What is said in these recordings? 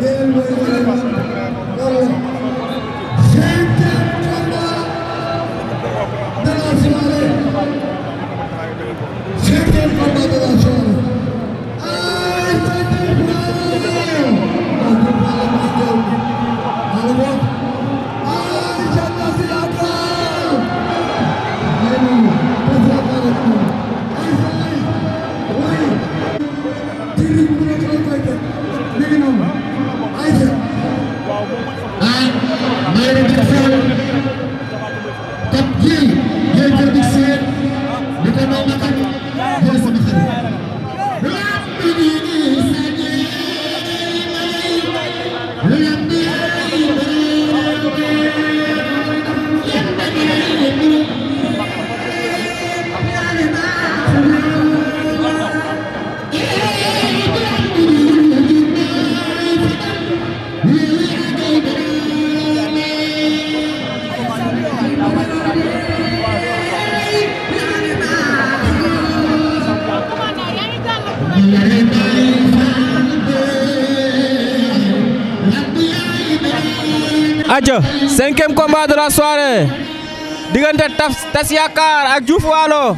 del aca cinquième combat de la soirée diggante tas yaakaar ak Diouf Walo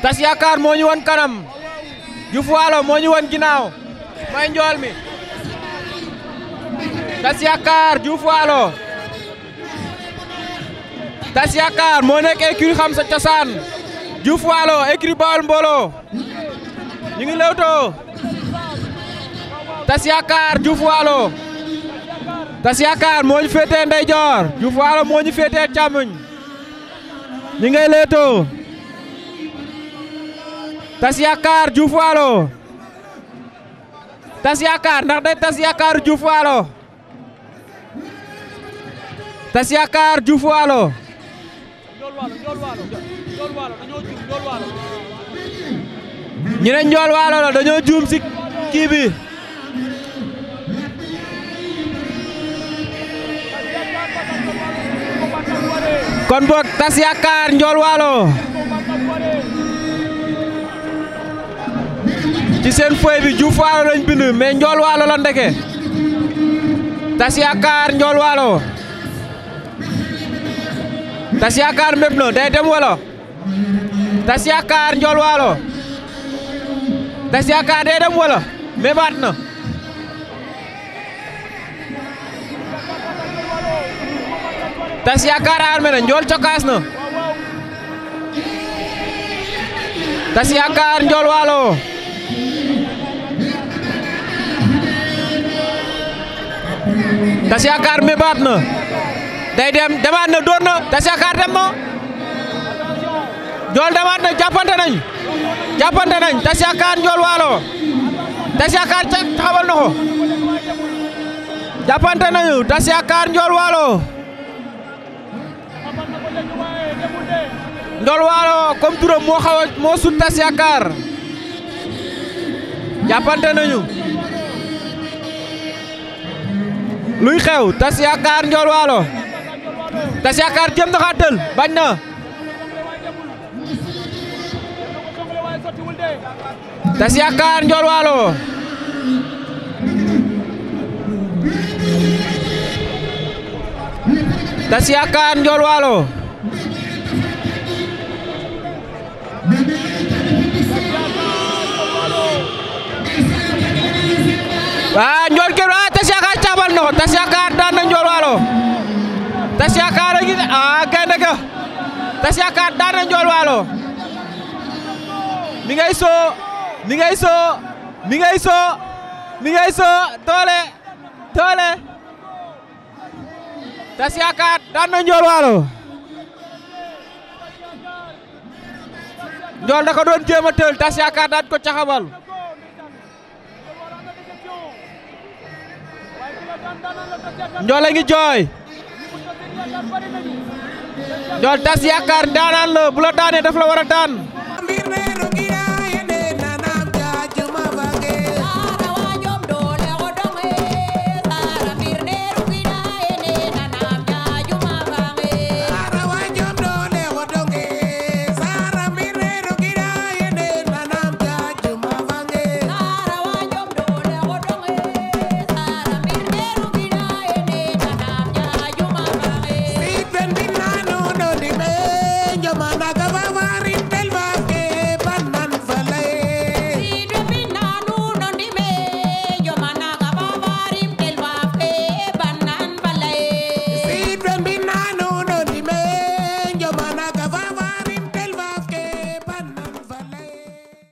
tas moo ñu won kanam Diouf Walo moo ñu won ginnaaw may njool mi tas yaakaar Diouf Walo tas yaakaar moo xam sa cosaan Diouf Walo écurie Baol ñu ngi lewtoo Tass Yakar Diouf Walo Tass Yakar moo ñu féetee ndeyjoor Diouf Walo moo ñu féetee càmmoñ ñu ngay lewtoo Tass Yakar Diouf Walo Tass ndax day Tass Yakar Diouf Walo Tass Yakar Diouf Walo ñu ne Ndiol Walo la dañoo juum si kii bi kon boog tas yaakaar Ndiol Walo ci seen fooy bi Diouf Walo lañ bind mais Ndiol Walo la ndeke tas yaakaar Ndiol Walo tas yaakaar mépp na dem wala tas yaakaar Ndiol Walo Tass Yakar day dem wala mébaat na Tass Yakar armé na Ndiol cokaas na Tass Yakar Ndiol Walo Tass Yakar mébaat na day dem demaat na doon na Tass Yakar dem na Ndiol demaat na jàppante nañ jàppante nañ Tass Yakar Ndiol Walo Tass Yakar cak taxawal nañu Tass Yakar Ndiol Walo Ndiol Walo comme turam moo xaw a moo sut Tass Yakar nañu luy xew Tass Yakar Ndiol Walo Tass Yakar jéem na xaatal bañ na Tass Yakar Ndiol Walo Tass Yakar Ndiol Walo waa Ndiol kër ah Tass Yakar caabal na ko Tass Yakar daan na Ndiol Walo Tass Yakar a ngi ah gaynde ga Tass Yakar mi ngay soo mi ngay soo mi ngay soo mi ngay soo doole doole Tass Yakar daan na Ndiol Walo Ndiol da ko doon jéem a tël Tass ko caxabal Ndiol ngi jooy Ndiol Tass Yakar daanaan la daanee daf la war a daan Aguirre, Roquira.